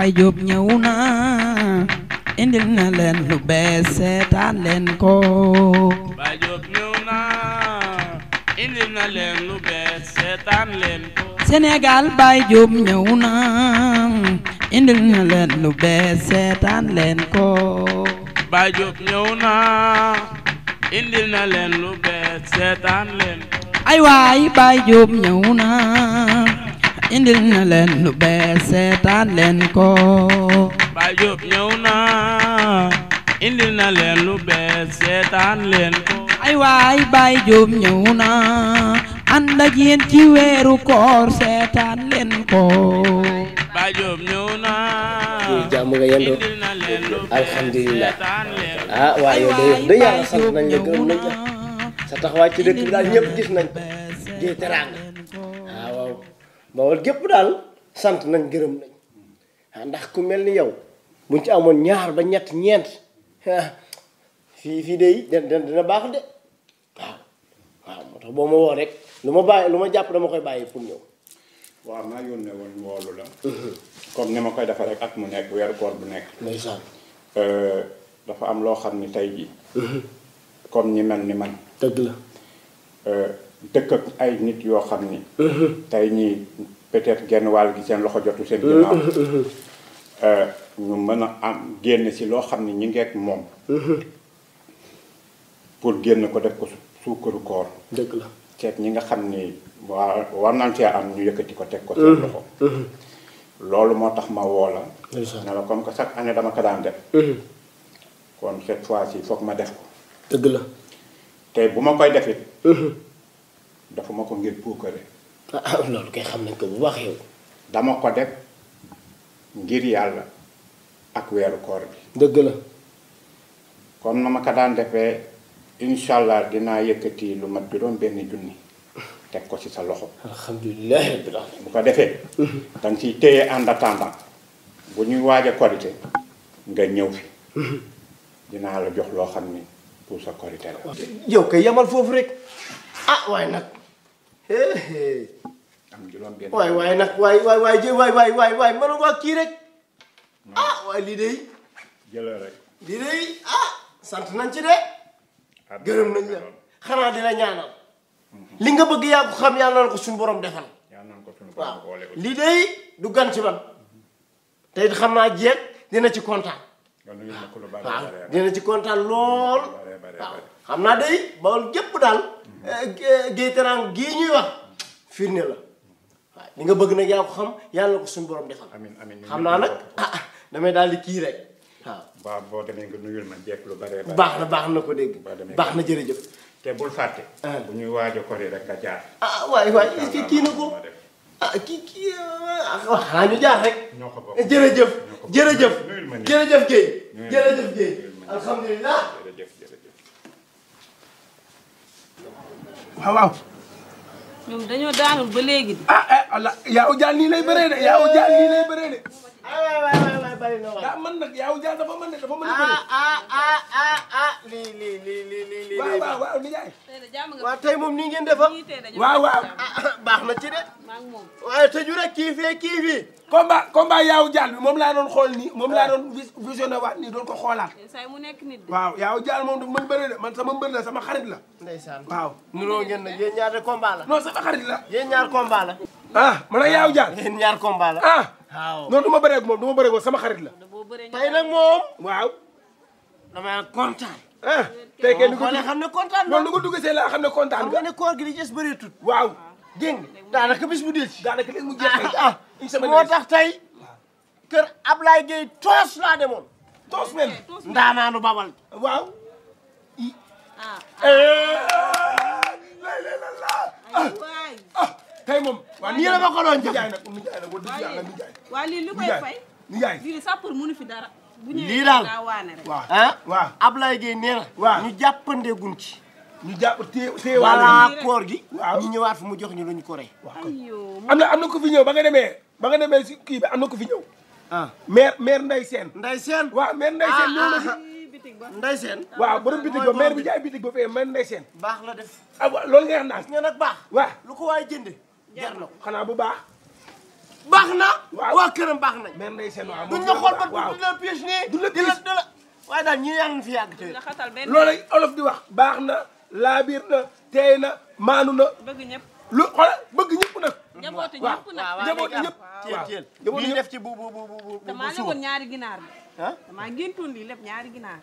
Mbaye Diop ñëw na indil leen lu bees seetaan leen ko Mbaye Diop ñëw na indil leen lu bees seetaan leen ko ay waay Mbaye Diop ñëw indil na leen lu bees seetaan leen ko Baye Diop ñëw na indil na leen lu bees seetaan leen ko ay waay Baye Diop ñëw na ànd ak ci weeru koor seetaan leen ko Baye Diop ñëw na jàmm nga yendoo alhamdulilah ah waaye yow de yàlla sant ci dëkk bi daal ñëpp gis nañ ko jëye bawol gépp daal sant nañ gërëm nañ ah ndax ku mel ni yow buñ ci amoon ñaar ba ñett ñeent fii fii day dina baax de waaw waaw moo tax boo ma woo rek lu ma bàyyi lu ma jàpp dama koy bàyyi pour ñëw waaw maa yónnee woon woolu la mhm. comme ni ma koy defee ak at mu nekk weer koor bu nekk ndeysaan euh, dafa am loo xam ni tey ji mhm. comme ñi mel ni man tëdd la euh, dëkk ak ay nit yoo xam ni. tey ñii peut-être genn wàll gi seen loxo jotu seen ginnaaw. Euh, ñu mën a am génn si loo xam ni ñu ngeek moom. pour génn ko def ko suukaru koor. dëgg la seet ñi nga xam ni waa war nañ cee am ñu yëkkati ko teg ko seen loxo. loolu moo tax ma woo la. ne la comme que chaque année dama ko daan def. kon cette fois ci foog ma def ko. dëgg la te bu ma koy def dafa ma ko ngir puukare. Ah, ah loolu kay xam nañ ko bu baax yow. dama ko def ngir yàlla ak weeru koor bi. dëgg la. kon na ma ko daan defee incha allah dinaa yëkkati lu mat juróom benn junni teg ko ci sa loxo. alhamdulilah rabbil alamin bu ko defee. da nga ciy téye en attendant bu ñuy waaj a korité nga ñëw fi. dinaa la jox loo xam ni pour sa korité la. yow kay yamal foofu rek ah waaye nag. am waay waay nag waay waay waay jë waay waay waay kii rek ah, waay lii de jëlal rek lii dey ah sant nañ ci de gërëm nañ la xanaa dina ñaanal mhm. li nga bëgg yaa ko xam yàlla na ko suñu borom defal waaw lii dey du gan ci man mhm. te it xam naa jeeg dina ci kontaan waaw dina ci kontaan lool xam naa day bawol jëpp daal eh, eh, Gueye Téranga gii ñuy wax firnde la waaw li nga bëgg nag yaa ko xam yàlla ko suñu borom defal amiin amiin xam naa nag ah, ah damay daal di kii rek waaw waaw boo demee nga nuyul ma jekk lu bare baax na baax na ko dégg baax na jërëjëf te bul fàtte ah. bu ñuy waajo kori rek nga jaar ah, ah waay kii na ko ah kii kii wax naa ñu jaar rek eh, jërëjëf jërëjëf jërëjëf Gueye jërëjëf Gueye alhamdulilah waaw ñoom dañoo daanul ba léegi. ah ah eh, ala Yawou Dial nii lay bëree de Yawou Dial nii lay bëree de. Ah, aywa aywa aywa bari na waay. daa mën nag Yawou Dial dafa mën de dafa a bëree. Ah, ah ah ah ah lii lii lii lii lii lii. waaw waaw waaw Ndiaye. waaw moom nii ngeen defam. Ah? waaw waaw. baax na ci de. waaye tëju rek kii fee combat combat yaaw jaal bi moom laa doon xool nii moom laa doon visionné waat nii doon ko xoolaat. say mu nekk nit de. waaw yaaw jaal moom dafa mën bëri de man sama mbër la sama xarit la. ndeysaan waaw. nuroo ngeen ne yéen ñaar de combat la. non sama xarit la. yéen ñaar combat la. ah man ak yaaw jaal. yéen ñaar combat la. ah waaw non du ma bëree ak moom du ma bëree ak moom sama xarit la. tey nag moom. waaw. dama kontaan. ah tey kenn du ko. moo xam ne kontaan nga loolu du ko duggee see laa xam ne kontaan nga. xam nga ne koor gi li des bëreetut waaw dégg nga daanaka bis bu dee si. daanaka léegi mu jeexee ah. moo tax tey kër Ablaye Gueye toos laa demoon. toos même ndaamaanu babal. waaw. Ah, ah. Eh. ah. waay. Ah, tey moom. waaw nii la ma ko doon jafe. waaw lii lu koy fay. nijaay lii sax pour mënu fi dara. bu ñëwee daa waane rek lii daal ah. waaw Ablaye Gueye nee na. waaw ñu jàppande gun ci. ñu jàpp téye téye wala koor gi ñu ñëwaat fu mu jox ñu lu ñu ko rey am na am na ko fi ñëw ba nga demee ba nga demee si kii am na ko fi ñëw ah maire maire Ndeye Sène Ndeye Sène waaw maire Ndeye Sène ñëw na si ah, ah, ah, bitig ba Ndeye waaw borom bitig ba maire bi jaay bitig ba fee maire Ndeye Sène baax la def ah loolu nga wax naa ñoo nag baax waaw lu waay jënde jar na xanaa bu baax baax na waa këram baax nañ maire Ndeye Sène waaw duñ la xool ba du la piège nii du la piège waaye daal ñi yàlla fi yàgg te loolu olof di wax baax na laabiir na teey na maanu na. bëgg ñëpp lu xoolal bëgg ñëpp nag. njabootu ñëpp nag njabootu ñëpp. waaw teel teel def ci bu bu bu bu bu damaa ne woon ñaari ginaar bi. ah damaa géntoon lii lépp ñaari ginaar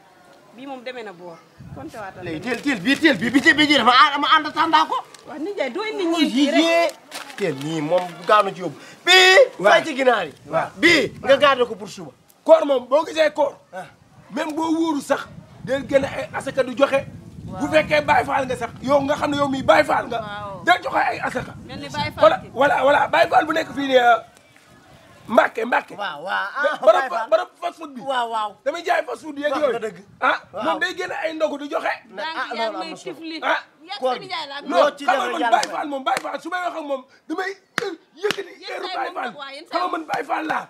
bii moom demee na boor. kon tawaatal léegi teel teel bii teel bii bi ci bi ci dafa ma ànd tàndaa ko. waaw nit ñi doy nit ñi rek teel nii moom gaanu ci yóbbu bii. waaw fay ci ginaar yi. waaw bii nga garder ko pour suba. koor moom boo gisee koor. Ah. même boo wóoru sax del gën a asaka du joxe bu fekkee Baye Fall nga sax yow nga xam ne yow mii Baye Fall nga. da joxe ay asaka. mel ni Baye Fall voilà bu nekk fii nii euh, Mbacke Mbacke. waaw waaw ah Baye fast food bi. waaw waaw damay jaay fast food yeeg yooyu. ah moom day génne ay ndogu di joxe. ah loolu am na ah. kon non xamal man Baye Fall moom Baye Fall su may wax ak moom damay yëkkati eeru Baye Fall xamal man Baye Fall laa.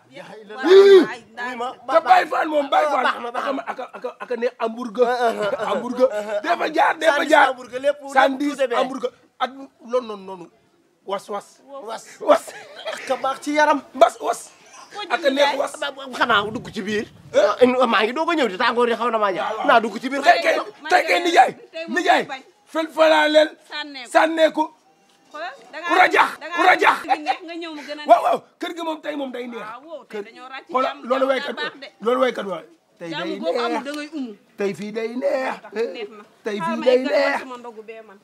te Baye Fall moom Baye ah, Fall xam aka aka aka ne hamburger ah, ah, hamburger dee fa jaar dee fa jaar sandis hamburger ak loolu noonu noonu was was was was ka baax ci yaram bas was ak neex was xanaa dugg ci biir eh? maa ngi doog a ñëw di tàngoor di xaw na maa ñëw naa dugg ci biir tey kay tey kay nijaay nijaay fël falaaleel. sànneeku rajax rajax waaw waaw kër gi moom tey moom day neex. Ah, kër xoola loolu waykat loolu waykat waay. tey day neex tey fii day neex. tey fii ah, day neex.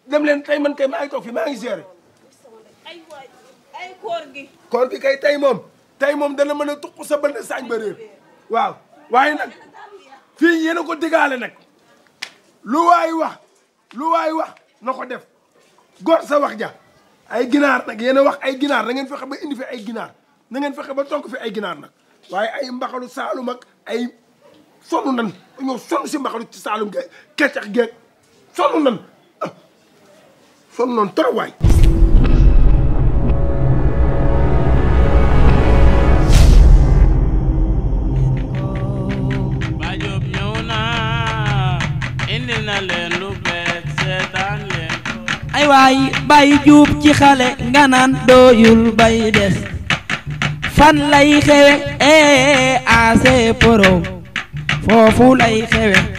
dem leen tey man kay maa ngi toog fii maa ngi gérer. koor gi. koor gi kay tey moom. tey moom dana mën a tuq sa bënn saañ ba réer. waaw waaye nag fii yéen a ko digaale nag lu waay wax. lu waay wa na ko def góor sa wax ja ay ginaar nag yéen a wax ay ginaar na ngeen fexe ba indi fi ay ginaar na ngeen fexe ba tonk fi ay ginaar nag waaye ay mbaxalu saalum ak ay sonu nan ñoo sonn si mbaxalu ci saalum ge keccax geeg sonu nan sonu nan trop waay ay waay bay juub ci xale nga naan dooyul bay des fan lay xewe ee eh, eh, aase eh, poro foofu lay xewe